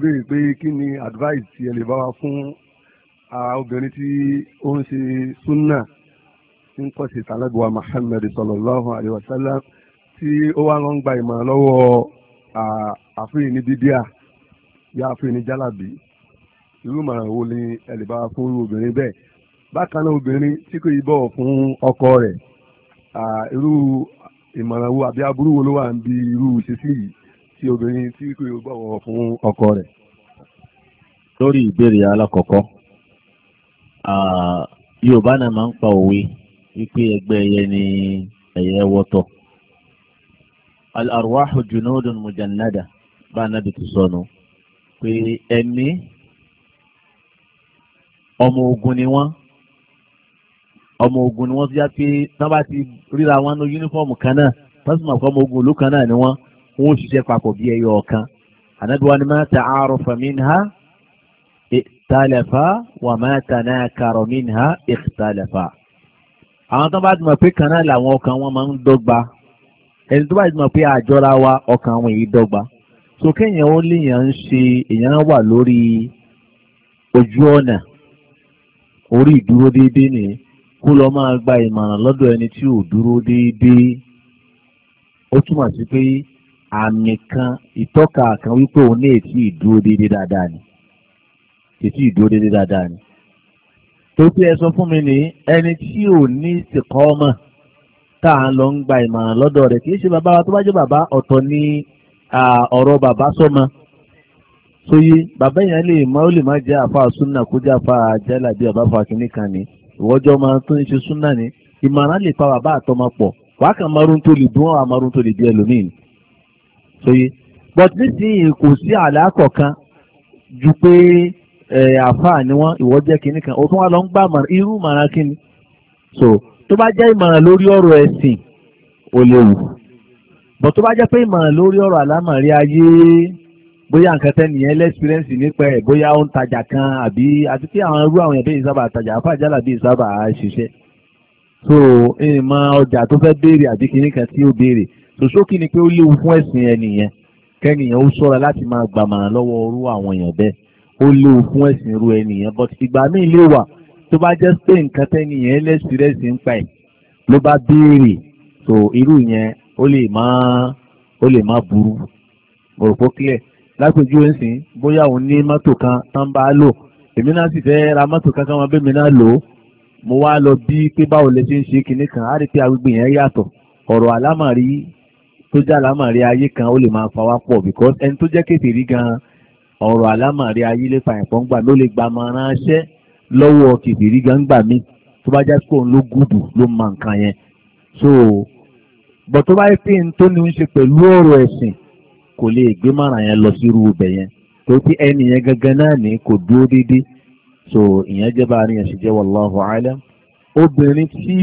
béèrè pé kí ni advice ẹ lè bá wa fún obìnrin tí ó ń ṣe súnà tí ń kọ́ sí tàlágbà Muhammad sallallahu alayhi wa sallam tí ó wá lọ ń gba ìmọ̀ràn lọ́wọ́ àfihàn ní bíbíà ya àfihàn ní jálàbí irú ìmọ̀ràn wo ni ẹ lè bá wa fún obìnrin bẹ́ẹ̀ bákan náà obìnrin tí kò yí bọ̀wọ̀ fún ọkọ rẹ̀ irú ìmọ̀ràn wo àbí aburú wo ló wà ń bi irú ìṣesí yìí tí obìnrin tí kò yóò gbọ̀wọ̀ fún ọkọ rẹ̀. lórí ìbéèrè alákọ̀ọ́kọ́ yorùbá náà máa ń pa òwe wípé ẹgbẹ́ ẹyẹ ni ẹyẹ wọ́tọ̀. al-arwahu junudun mujannada bá anábì ti sọnù pé ẹ̀mí ọmọ ogun ni wọ́n ọmọ ogun ni wọ́n ti já pé tí wọ́n bá ti ríra wọn ní yúnífọ́ọ̀mù kan náà wọ́n sì mọ̀ ọmọ ogun ìlú kan náà ni wọ́n wọn ó ṣiṣẹ́ papọ̀ bí ẹyọ ọ̀kan ànábì wa ni máa ta àárọ̀fà minha ìtàlẹ̀fà wà máa ta náà minha ìtàlẹ̀fà. àwọn tó bá ti mọ̀ pé kan náà làwọn ọkàn wọn máa ń dọ́gba ẹni tó bá ti mọ̀ pé àjọra wa ọkàn wọn yìí dọ́gba so kéèyàn ó léèyàn ń ṣe èèyàn wà lórí ojú ọ̀nà orí ìdúró déédéé nìyẹn kó lọ máa gba ìmọ̀ràn lọ́dọ̀ ẹni tí ò dúró déédéé ó túmọ̀ sí pé àmì kan ìtọ́ka kan wípé òun náà ti ìdúró déédéé dáadáa ni ètí ìdúró déédéé dáadáa ni. tó bí ẹ sọ fún mi ní ẹni tí ò ní ìsìnkọ́ ọmọ tá à ń lọ ń gba ìmọ̀ràn lọ́dọ̀ rẹ̀ kì í ṣe bàbá wa tó bá jẹ́ bàbá ọ̀tọ̀ ní ọ̀rọ̀ bàbá sọ́mọ sóyè bàbá yẹn lè má ó lè má jẹ́ àfa súnà kó jẹ́ àfa jẹ́là bí bàbá fa kínní kan ní ìwọ́jọ́ máa tún ṣe súnà ní ìmọ̀ràn lè pa bàbá àtọmọ pọ̀ wàá kàn márùn tó lè dún àwọn márùn tó lè di ẹlòmíì sóyè but nísìnyí kò sí àlàkọ̀ kan ju pé àfáà ni wọ́n ìwọ jẹ́ kinní kan o tún wá lọ ń gbà mọ̀ràn irú mọ̀ràn kinní so tó bá jẹ́ ìmọ̀ràn lórí ọ̀rọ̀ ẹ̀sìn ó léwu but tó bá jẹ́ pé ìmọ̀ràn lórí ọ̀rọ̀ àlámọ̀rí ayé bóyá nǹkan tẹ́nìyẹn lẹ́sìpírẹ́ǹsì nípa ẹ̀ bóyá ó ń tajà kan àbí àti pé àwọn irú àwọn ẹ̀bẹ́ ìsábà tajà àfáà jálà bí ìsábà ṣiṣẹ́ so ìmọ̀ ọjà tó fẹ́ béèrè àbí kinní kan tí ó béèrè sòsókì ni pé ó léwu fún ẹ̀sìn ẹnìyẹn kẹ́nìyàn ó ṣọ́ra láti máa gbàmọ̀ràn lọ́wọ́ orú àwọn èèyàn bẹ́ẹ̀ ó léwu fún ẹ̀sìn irú ẹnìyẹn but ìgbà míì lè wà tó bá jẹ́ pé nǹkan tẹ́nìyẹn lẹ́sìn rẹ́sìn ń pa ẹ̀ ló bá béèrè so irú yẹn ó lè má ó lè má burú mo rò pé clear lápèjú ẹ̀sìn bóyá òun ní mọ́tò kan tán bá lò èmi náà sì fẹ́ ra mọ́tò kan káwọn abẹ́mi náà lò ó mo wá lọ bí pé báwo lè ṣe ń ṣe kinní kan á rí pé agbègbè yẹn yàtọ̀ ọ̀rọ̀ àlámà tó jẹ́ àlámàrí ayé kan ó lè máa fa wá pọ̀ because ẹni tó jẹ́ kékeré gan ọ̀rọ̀ àlámàrí ayé lè fa ẹ̀fọ́n gbà ló lè gba àmọ̀ràn aṣẹ́ lọ́wọ́ kékeré gan gbà mí tó bá jẹ́ kó ń lo gùdù ló mọ nǹkan yẹn so bọ̀ tó bá yẹ pé n tó ní ń ṣe pẹ̀lú ọ̀rọ̀ ẹ̀sìn kò lè gbé màrà yẹn lọ sí irú ibẹ̀ yẹn tó tí ẹni yẹn gangan náà ní kò dúró déédéé so ìyẹn jẹ́ bá ní ẹ̀sìn jẹ́ wallahu alam obìnrin tí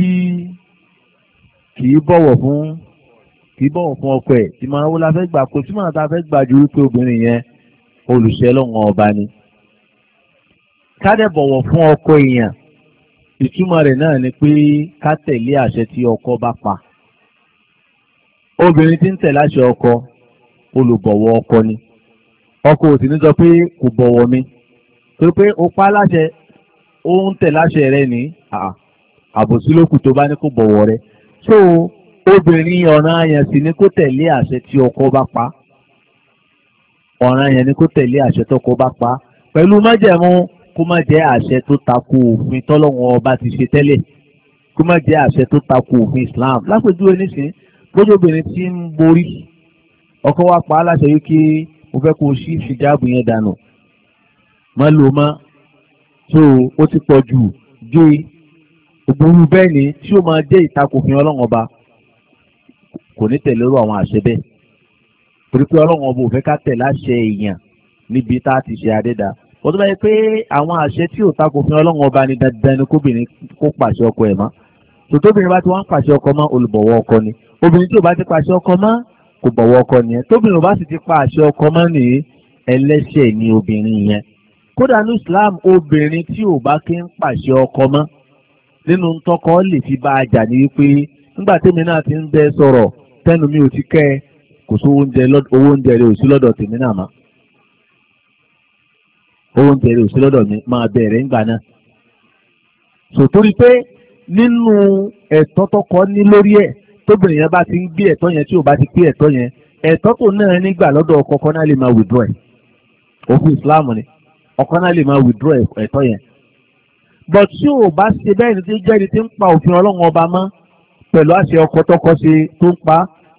kì í bọ̀wọ̀ fún kì í bọ̀wọ̀ fún ọkọ ẹ̀ tí máa wó la fẹ́ gbà kó tí máa ta fẹ́ gbà ju wípé obìnrin yẹn olùṣẹ́ lọ́wọ́n ọba ni. kádẹ́ bọ̀wọ̀ fún ọkọ èèyàn ìtumọ̀ rẹ̀ náà ni pé ká tẹ̀lé àṣẹ tí ọkọ bá pa. obìnrin tí ń tẹ̀lé àṣẹ ọkọ olùbọ̀wọ̀ ọkọ ni ọkọ ò sì ní sọ pé kò bọ̀wọ̀ mi torí pé ó pa láṣẹ ó ń tẹ̀lé àṣẹ rẹ̀ ní àbòsí tó bá ní kò bọ̀wọ̀ rẹ̀ so obìnrin ọ̀ràn ayàn sì ni kó tẹ̀lé àṣẹ tí ọkọ bá pa ọ̀ràn ayàn ni kó tẹ̀lé àṣẹ tọkọ bá pa pẹ̀lú májẹ̀mú kó má jẹ́ àṣẹ tó tako òfin tọ́lọ́wọ́n ọba ti ṣe tẹ́lẹ̀ kó má jẹ́ àṣẹ tó tako òfin Islam lápèjúwe nísìnyí lójóbìnrin tí ń borí ọkọ wa pa á láṣẹ yìí kí mo fẹ́ kó o ṣí ìṣìjáàbù yẹn dànù má lò má tó o ti pọ̀ jù gé ògbóhùn bẹ́ẹ̀ ni tí ó máa jẹ́ ìtakòfin ọlọ́run ọba kò ní tẹ̀lé irú àwọn àṣẹ bẹ́ẹ̀ torí pé ọlọ́run ọba ò fẹ́ ká tẹ̀ láṣẹ èèyàn níbi tá a ti ṣe àdéda wọ́n tó bá yẹ pé àwọn àṣẹ tí ò takò fún ọlọ́run ọba ni dandan ni kóbìnrin kó pàṣẹ ọkọ ẹ̀ mọ́ tòtóbìnrin bá ti wá pàṣẹ ọkọ mọ́ olùbọ̀wọ̀ ọkọ ni obìnrin tí ò bá ti pàṣẹ ọkọ mọ́ kò bọ̀wọ̀ ọkọ nìyẹn tóbìnrin ò bá sì ti pàṣẹ ọkọ mọ́ nìyí ẹlẹ́ṣẹ̀ ni obìnrin yẹn kódà ní Islam obìnrin tí ò bá kí ń pàṣẹ ọkọ mọ́ nínú tọkọ lè fi bá a jà ní wípé ngba tèmi náà ti ń bẹ sọ̀rọ̀ tẹnu mi ò ti kẹ́ kò sí owó oúnjẹ rẹ lọ́dọ̀ tèmi náà mọ́ owó oúnjẹ rẹ lọ́dọ̀ mi máa bẹ̀rẹ̀ ńgbà náà sòtórí pé nínú ẹ̀tọ́ tọkọ ní lórí ẹ̀ tóbìnrin yẹn ti ń gbé ẹ̀tọ́ yẹn tí ò ti pé ẹ̀tọ́ yẹn ẹ̀tọ́ tó náà nígbà lọ́dọ̀ ọkọ ọkọ náà lè máa withdraw ẹ̀ òfin Islam ni ọkọ náà lè máa ẹ̀tọ́ yẹn tí ò bá ṣe bẹ́ẹ̀ ni pẹ̀lú àṣẹ ọkọ tọkọ ṣe tó ń pa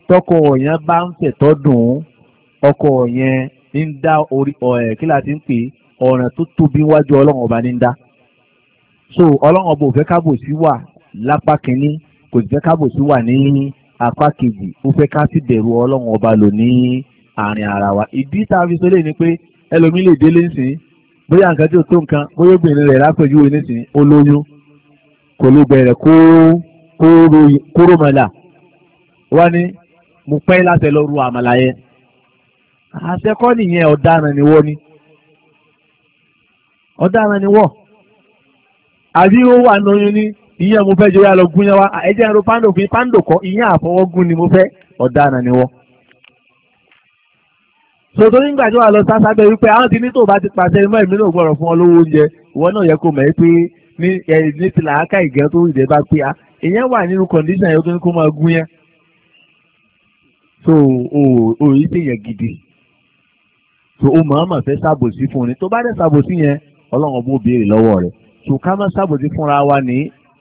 tọkọ yẹn bá ń tẹ̀tọ́ dùn ún ọkọ yẹn ń dá orí ọ̀ẹ́ kí láti ń pè ọ̀ràn tó tóbi wájú ọlọ́run ọba ní ń dá so ọlọ́run ọba ò fẹ́ kábòsí wà lápá kínní kò sì fẹ́ kábòsí wà ní apá kejì ó fẹ́ ká sì bẹ̀rù ọlọ́run ọba lò ní àárín ara wa ìdí tá a fi sọ léyìn ni pé ẹlòmíì lè délé nsìn bóyá nǹkan tí ò tó nǹkan bóyá obìnrin rẹ̀ lápẹ̀jú oníṣìn olóyún kò lè bẹ̀rẹ̀ kó kóró mọ̀lá wọ́n ní mo pẹ́ láti lọ ru àmàlà yẹn àṣekọ́ nìyẹn ọ̀daràn ni wọ́n ní ọ̀daràn ni wọ́n àbí ó wà lóyún ní ìyẹn mo fẹ́ jẹ́ yà lọ gún yẹn wá ah, ẹ̀jẹ̀ ẹ̀rọ pando fún pando kọ́ ìyẹn àfọwọ́gún ni mo fẹ́ ọ̀daràn ni wọ́n. sòtò nígbà tí wàá lọ sá sábẹ́ wípé àwọn ti ní tó bá ti pàṣẹ inú ẹ̀mí náà gbọ́dọ̀ fún ọ lówó oúnjẹ ìwọ náà yẹ kó mọ̀ ẹ́ pé ní ti làákà ìgẹ́ tó ìdẹ́ bá pé ah, ìyẹn wà nínú kọ̀ǹdíṣàn yẹn tó ní kó máa gún yẹn so o yìí ṣe yẹn gidi so o màmá fẹ́ ṣàbòsí fún ni tó bá dẹ̀ ṣàbòsí yẹn ọlọ́run ọbọ̀ béèrè lọ́wọ́ rẹ̀ so ká má ṣàbòsí fúnra wa ní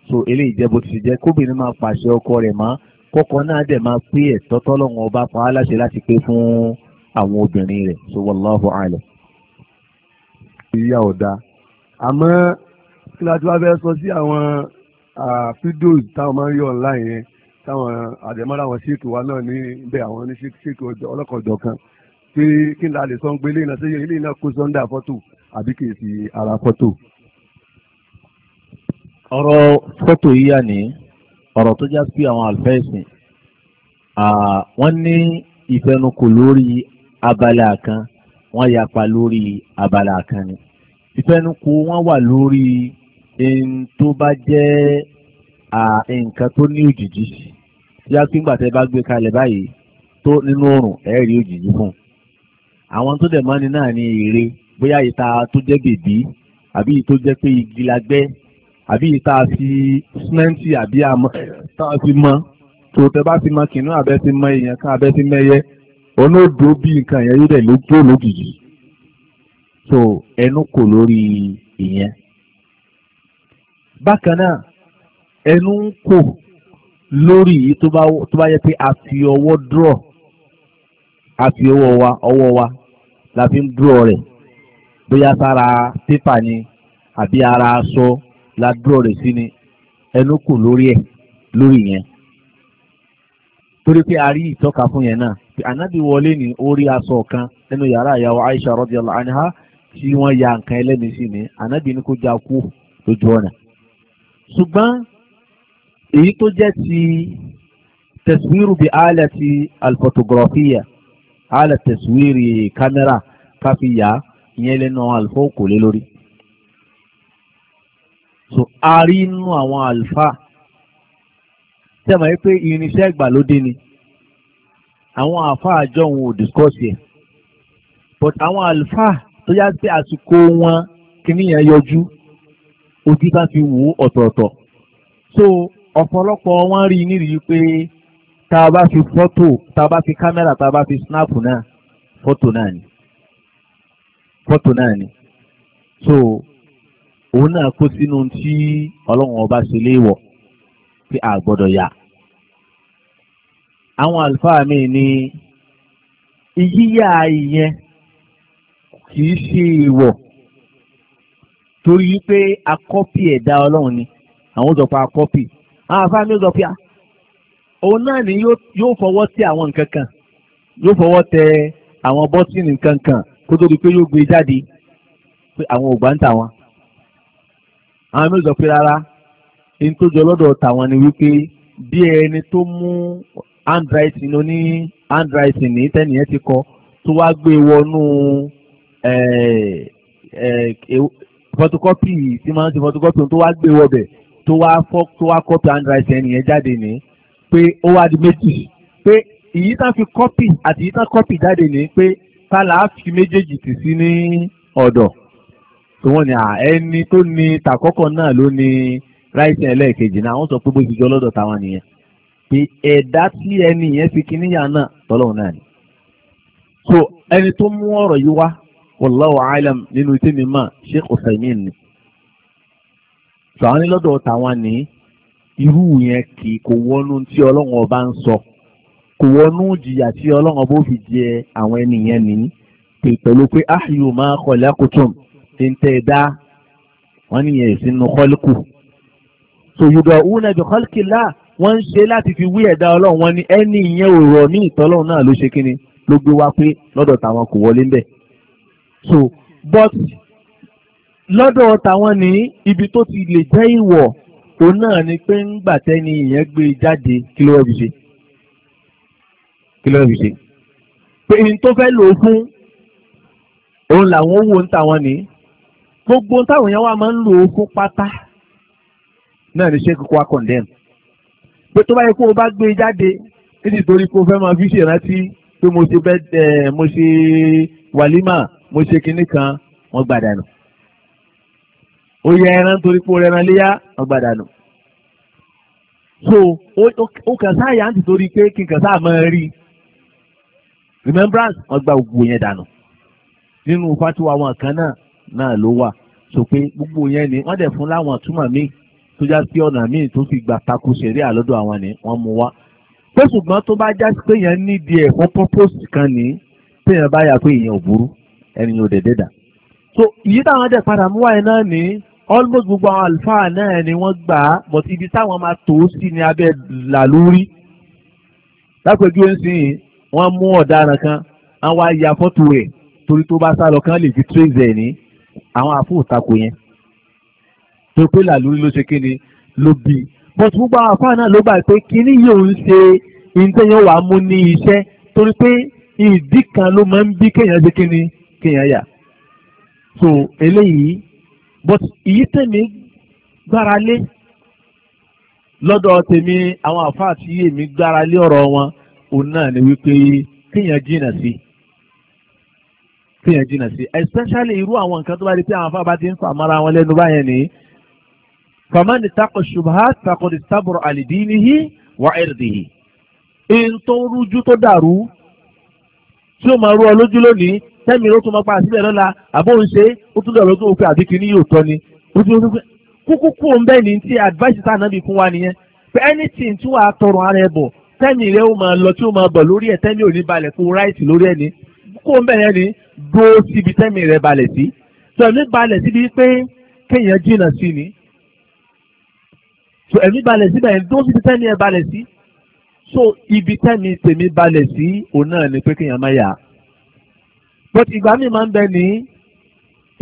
so eléyìí jẹ́ bó ti ṣe jẹ́ kóbìnrin máa pàṣẹ ọkọ rẹ̀ mọ́ kọ́kọ́ náà dẹ̀ máa pé ẹ̀tọ́ tọ́lọ́run ọba pa á láṣẹ láti pé fún àwọn obìnrin rẹ̀ so wallahu a'lam. ìyá ọ̀dà àmọ́ kí la ti wá fẹ́ sọ sí àwọn fídíò táwọn máa ń rí online yẹn táwọn àdèmọ́ra àwọn ṣéèkì wa náà ní bẹ́ àwọn ní ṣéèkì ọlọ́kọ̀ọ̀dọ̀ kan pé kí n la lè sọ ń gbé ilé iná sí ilé iná kó sọ́ńdà fọ́tò àbí kì í sí ara fọ́tò. ọ̀rọ̀ fọ́tò yíyà ni ọ̀rọ̀ tó já sí àwọn àlùfáà ẹ̀sìn wọ́n ní ìfẹnukò lórí abala kan wọ́n yapa lórí abala kan ni ìfẹnukò wọ́n wà lórí n tó bá jẹ́ nǹkan tó ní òjìji tí a pín gbàtẹ́ bá gbé kalẹ̀ báyìí tó nínú oòrùn ẹ̀ rí òjìji fún un. àwọn tó dẹ̀ mọ́ni náà ní ère bóyá ìta tó jẹ́ bèbí àbí ìtó jẹ́ pé igi la gbẹ́ àbí ìta fi símẹ́ǹtì àbí àmọ́ tá a fi mọ́ tó tẹ bá fi mọ kìnìún abẹ́ fi mọ èèyàn kan abẹ́ fi mẹ́yẹ onódò bí nǹkan yẹn yóò dẹ̀ lójú òlójijì so ẹnu kò lórí ìyẹn bákan náà ẹnu ń kò lórí yìí tó bá yẹ pé a fi ọwọ́ dúrọ̀ a fi ọwọ́ wa ọwọ́ wa la fi ń dúrọ̀ rẹ̀ bóyá sára pépà ni àbí ara aṣọ la dúrọ̀ rẹ̀ sí ni ẹnu kò lórí ẹ̀ lórí yẹn torí pé a rí ìtọ́ka fún yẹn náà pé wọlé ní orí aṣọ kan nínú yàrá ìyàwó Aisha radiyallahu anha tí wọ́n ya nǹkan ẹlẹ́mìí sí ni ànábì ní kó já kú lójú ọ̀nà ṣùgbọ́n èyí tó jẹ́ ti tẹ̀síwìrì bí àlẹ́ ti alifọ̀tògọ́fìyà àlẹ́ tẹ̀síwìrì kámẹ́rà káfíyà ìyẹn lẹ́nu àwọn àlùfáà kò lé lórí. so a rí inú àwọn àlùfáà tẹ̀mọ̀ yìí pé irinṣẹ́ ìgbàlódé ni àwọn àfáà àjọ òun ò discuss yẹ but àwọn àlùfáà tó yá sí àsìkò wọn kìnìyàn yọjú ojú bá fi wò ọ̀tọ̀ọ̀tọ̀ so ọ̀pọ̀lọpọ̀ wọn rí i nírìí pé tá a bá fi fọ́tò tá a bá fi kámẹ́rà tá a bá fi snap náà fọ́tò náà ni fọ́tò náà ni so òun náà kó sínú tí ọlọ́run ọba ṣe léèwọ̀ tí a gbọ́dọ̀ yà àwọn àlùfáà mi ní yíyá ìyẹn kì í ṣe ìwọ̀ torí wípé akọ́pì ẹ̀dá ọlọ́run ni àwọn sọ pé akọ́pì àwọn afá mi sọ pé òun náà ni yóò fọwọ́ tẹ àwọn nǹkan kan yóò fọwọ́ tẹ àwọn bọ́tìnì nǹkan kan kó tó di pé yóò gbé e jáde pé àwọn ò gbà ń tà wọn. àwọn mi sọ pé rárá ẹni tó jọ lọ́dọ̀ tàwọn ni wípé bí ẹni tó mú handwriting oní handwriting ní tẹ́nìyẹn ti kọ tó wá gbé wọnú photocopy tí máa ń ṣe photocopy tó wá gbé wọbẹ̀ tó wá fọ́ tó wá copy handwriting ẹni yẹn jáde ní pé ó wá di méjì pé ìyí tá fi copy àti ìyí tá copy jáde ní pé tá là á fi méjèèjì tì sí ní ọ̀dọ̀ tí wọ́n ní ẹni tó ní tàkọ́kọ̀ náà ló ní ráìsì ẹlẹ́ẹ̀kejì náà wọ́n sọ pé bó ti jọ lọ́dọ̀ táwọn nìyẹn pé ẹ̀dá tí ẹni yẹn fi kíníyà náà tọ́lọ́hún náà ni. so ẹni tó mú ọ̀rọ̀ yìí wá wallahu alam nínú tí mi mà Sheikh Usaimin ni. sàwọn nílọ́dọ̀ tàwọn ní irú yẹn kì í kò wọnú tí ọlọ́run ọba ń sọ kò wọnú jìyà tí ọlọ́run ọba ó fi jẹ àwọn ènìyàn nìyí pẹ̀lú pé áhìlú máa kọ̀lẹ́ àkótún ní tẹ́ ẹ dá wọ́n nìyẹn sínú kọ́líkù. sòyìnbó òun ẹ̀dùn kọ́líkì láà wọ́n ń ṣe láti fi wí ẹ̀dá ọlọ́run wọn ni ẹni ìyẹn ò rọ̀ ní ìtọ́lọ́run náà ló ṣe kíni ló gbé wá pé lọ́dọ̀ táwọn kò wọlé ń so but lọ́dọ̀ tàwọn ní ibi tó ti lè jẹ́ ìwọ̀ òun náà ni pé ńgbà tẹ́ni ìyẹn gbé jáde kí ló wá fi ṣe kí ló wá fi ṣe pé ní tó fẹ́ lò ó fún òun làwọn owó ń tàwọn ní gbogbo táwọn èèyàn wa máa ń lò ó fún pátá náà ni ṣé kókó wa condemn pé tó bá yẹ kó o bá gbé jáde nítorí kó o fẹ́ máa fi ṣèrántí pé mo ṣe bẹ́ẹ̀ eh, mo ṣe wàlímà mo ṣe kinní kan wọ́n gbà dànù ó yẹ ẹran torí pé ó rẹran léyà wọ́n gbà dànù so ó kàn sáàyà ń tìtorí pé kí n kàn sáà máa rí remembrance wọ́n gba gbogbo yẹn dànù nínú fatiwa àwọn kan náà náà ló wà sọ pé gbogbo yẹn ni wọ́n dẹ̀ fún láwọn túmọ̀ míì tó já sí ọ̀nà míì tó fi gbà takò ṣẹ̀rí àlọ́dọ̀ àwọn ni wọ́n mú wá pé ṣùgbọ́n tó bá já sí pé yẹn nídìí ẹ̀ fún purpose kan ní téèyàn bá yà pé ìyẹn ò burú ẹni yóò dẹ̀dẹ̀ dà. so ìyí táwọn dẹ̀ padà mú wáyé náà ní almost gbogbo àwọn àlùfáà náà ni wọ́n gbà á but ibi táwọn máa tò ó sí ní abẹ́ là lórí. lápẹjú ẹ̀sìn wọ́n mú ọ̀daràn kan wọ́n wá ya fọ́tò rẹ̀ torí tó bá sá lọ kán lè fi trace ẹ̀ ní àwọn àfóòtakò yẹn. tó pé là lórí ló ṣe kí ni ló bí i but gbogbo àwọn àfáà náà ló gbà pé kíní yóò ń ṣe ìǹtẹ́yẹ̀wà mú ní iṣẹ́ torí pé ìdí kan ló máa ń bí kéèyàn ṣe kí ni kéèyàn so eléyìí but èyí tèmi gbára lé lọ́dọ̀ tèmi àwọn àfáà tí èmi gbára lé ọ̀rọ̀ wọn òun náà ni wípé kéèyàn jìnnà sí kéèyàn jìnnà sí especially irú àwọn nǹkan tó bá di pé àwọn afáà bá ti ń fà mọ́ra wọn lẹ́nu báyẹn nìyí famani tako ṣubaha tako di saburo alidinihi wa ẹrdihi. in tó rújú tó dàrú tí ó máa rú ọ lójú lónìí tẹ́mi ló tún máa pa àsìlẹ̀ lọ́la àbóhùn ṣe ó tún dọ̀rọ̀ tó o pé àbí kìíní yóò tọ́ ni ó tún kúkú kú òun bẹ́ẹ̀ ni ti advice tá ànábì fún wa nìyẹn pé anything tí wàá tọrọ ara ẹ bọ̀ tẹ́mi rẹ ó máa lọ tí ó máa bọ̀ lórí ẹ̀ tẹ́mi ò ní balẹ̀ kó right lórí ẹ̀ ni kó òun bẹ̀rẹ̀ ni dúró síbi tẹ́mi rẹ balẹ̀ sí tó ẹ̀mí balẹ̀ síbi pé kéèyàn jìnnà sí ni tó ẹ̀mí balẹ̀ síbẹ̀ yẹn dúró síbi tẹ́mi rẹ balẹ̀ sí so ibi tẹ́mi tèmi balẹ̀ sí òun náà ni pé kéèyàn má yà á. but ìgbà míì máa ń bẹ ní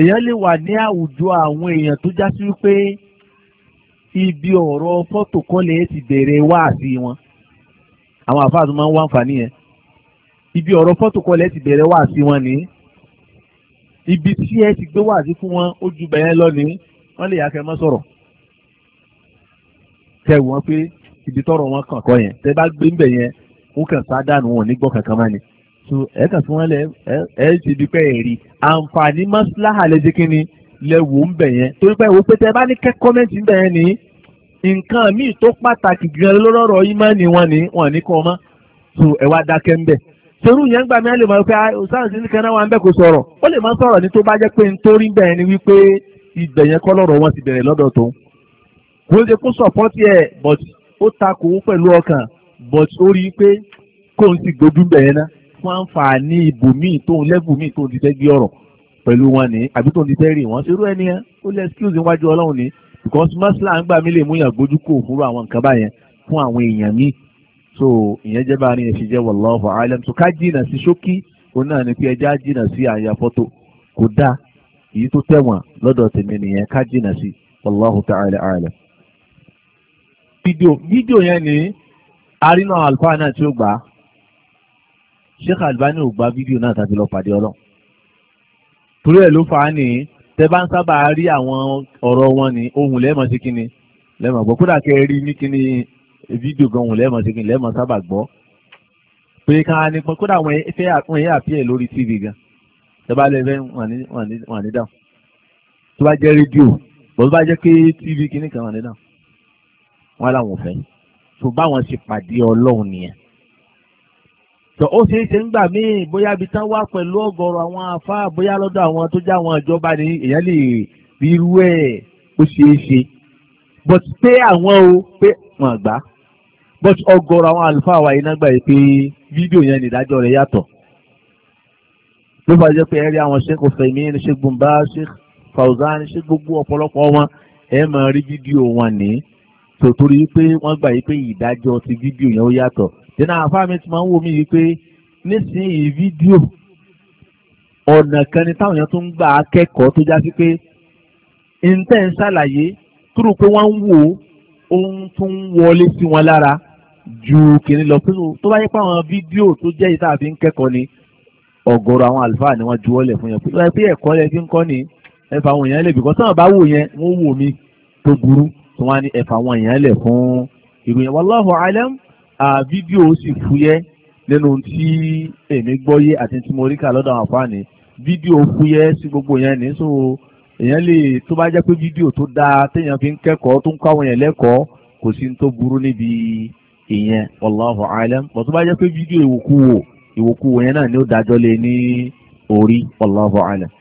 èèyàn lè wà ní àwùjọ àwọn èèyàn tó já sí wípé ibi ọ̀rọ̀ fọ́tò kọ́lẹ̀ ti bẹ̀rẹ̀ wáàsí wọn àwọn àfáà tó máa ń wá àǹfààní yẹn ibi ọ̀rọ̀ fọ́tò kọ́lẹ̀ ti bẹ̀rẹ̀ wáàsí wọn ní ibi tí ẹ ti gbé wáàsí fún wọn ó ju bẹ̀yẹn lọ ní wọ́n lè yà kẹ́ mọ́ sọ̀rọ̀ kẹ́ wọ́n pé ibi tọrọ wọn kàn kọ́ yẹn tẹ́ bá gbé ń bẹ̀ yẹn ó kàn sá dànù wọn ò kankan máa ni. tụ ẹ kàn fún wọn lẹ ẹ ti di pé ẹ rí àǹfààní mọ́síláhà lẹ́sẹ̀ kínní lẹ́wọ̀ ń bẹ̀ yẹn torí pé ìwé pété bá ní kẹ́ kọ́mẹ́ǹtì ń bẹ̀ yẹn nǹkan míì tó pàtàkì gan lọ́rọ̀ ìmọ̀ọ́nì wọn ni wọn ní kọ́ mọ́ so ẹ dákẹ́ ń bẹ̀ torú yẹn gbà mí á lè mọ̀ pé ah, sáyẹ̀nsì nìkan náà wà ń bẹ̀ kó sọ̀rọ̀ ó lè má sọ̀rọ̀ ní ni wípé ibẹ̀ fún àǹfààní ibòmíì tó ń lẹ́bù tó ń ti tẹ́gbẹ́ ọ̀rọ̀ pẹ̀lú wọn ni àbí tó ń ti tẹ́rì wọn ṣerú ẹni yẹn ó lẹ́ skills níwájú ọlọ́run ni because masla ń gbà mí lè mú yàn gbójú kò fúnra àwọn nǹkan báyẹn fún àwọn èèyàn míì so ìyẹn jẹ́ bá ẹ̀ ṣe jẹ́ wallahu alam so ká jìnà sí ṣókí òun náà ni pé ẹja jìnà sí àyà fọ́tò kò dáa èyí tó tẹ̀wọ̀n lọ́dọ̀ tèmi nìyẹn ká jìnà sí wallahu ta'ala alam. fídíò fídíò yẹn ni arínà àlùfáà náà tí ó gbà á Sheikh Albani ò gba fídíò náà tàbí lọ pàdé ọlọ́run torí ẹ̀ ló fà á nìyí tẹ bá ń sábà rí àwọn ọ̀rọ̀ wọn ní ohun lẹ́ẹ̀mọ́ sí kínni lẹ́ẹ̀mọ́ gbọ́ kódà kẹ́ ẹ rí ní kínni fídíò gan ohun lẹ́ẹ̀mọ́ sí kínni lẹ́ẹ̀mọ́ sábà gbọ́ pé ká ní pọn kódà wọn fẹ́ wọn yẹ àpíẹ̀ lórí tv gan tẹ bá lẹ fẹ́ wọn ní dáhùn tó bá jẹ́ rédíò bọ́ bá jẹ́ pé tv kínní kan wọn ní dáhùn wọn làwọn fẹ́ tó báwọn ṣe pàdé ọlọ́run nìyẹn tọ ó ṣeé ṣe ń gbà míì bóyá ibi tán wá pẹ̀lú ọ̀gọ̀rọ̀ àwọn afá bóyá lọ́dọ̀ àwọn tó já àwọn ìjọba ni èèyàn lè rí irú ẹ̀ ó ṣeé ṣe but pé àwọn o pé wọn gbà but ọ̀gọ̀rọ̀ àwọn àlùfáà wa iná gbà yìí pé fídíò yẹn nìdájọ́ rẹ̀ yàtọ̀ ló fà jẹ́ pé ẹ rí àwọn ṣẹ́kù fẹ̀mí ẹni ṣe gbùnbá ṣe Fauzan ṣe gbogbo ọ̀pọ̀lọpọ̀ wọn ẹ máa rí fídíò wọn ní tòtórí pé wọ́n gbà yìí pé ìdájọ́ ti fídíò yẹn ó yàtọ̀ dínà àfáà mi ti máa ń wò mí wípé nísìnyí fídíò ọ̀nà kan ni táwọn èèyàn tó ń gbà á kẹ́kọ̀ọ́ tó já sí pé ntẹ́ ń ṣàlàyé túrú pé wọ́n ń wò ó ohun tó ń wọlé sí wọn lára ju kìnìún lọ pé tó bá yẹ pé àwọn fídíò tó jẹ́ ìta àfi ń kẹ́kọ̀ọ́ ni ọ̀gọ̀rọ̀ àwọn àlùfáà ni wọ́n juwọ́lẹ̀ fún yẹn pé pé ẹ̀kọ́ lẹ fi ń kọ́ ni ẹ̀fà àwọn èèyàn lè bìkọ́ sọ́nà bá wò yẹn wọ́n wò mí tó burú tí wọ́n ní ẹ̀fà àwọn èèyàn lẹ̀ fún ìròyìn wallahu alam fídíò sì fúyẹ́ nínú tí èmi gbọ́yé àti tí mo rí kà lọ́dọ̀ àwọn àfáàní fídíò fúyẹ́ sí gbogbo yẹn ní so èèyàn lè tó bá jẹ́ pé fídíò tó dáa téèyàn fi ń kẹ́kọ̀ọ́ tó ń kọ́ àwọn yẹn lẹ́kọ̀ọ́ kò sí ní tó burú níbi ìyẹn wallahu alam bọ̀ tó bá jẹ́ pé fídíò ìwòkuwò ìwòkuwò yẹn náà ni ó dájọ́ lé ní orí wallahu alam.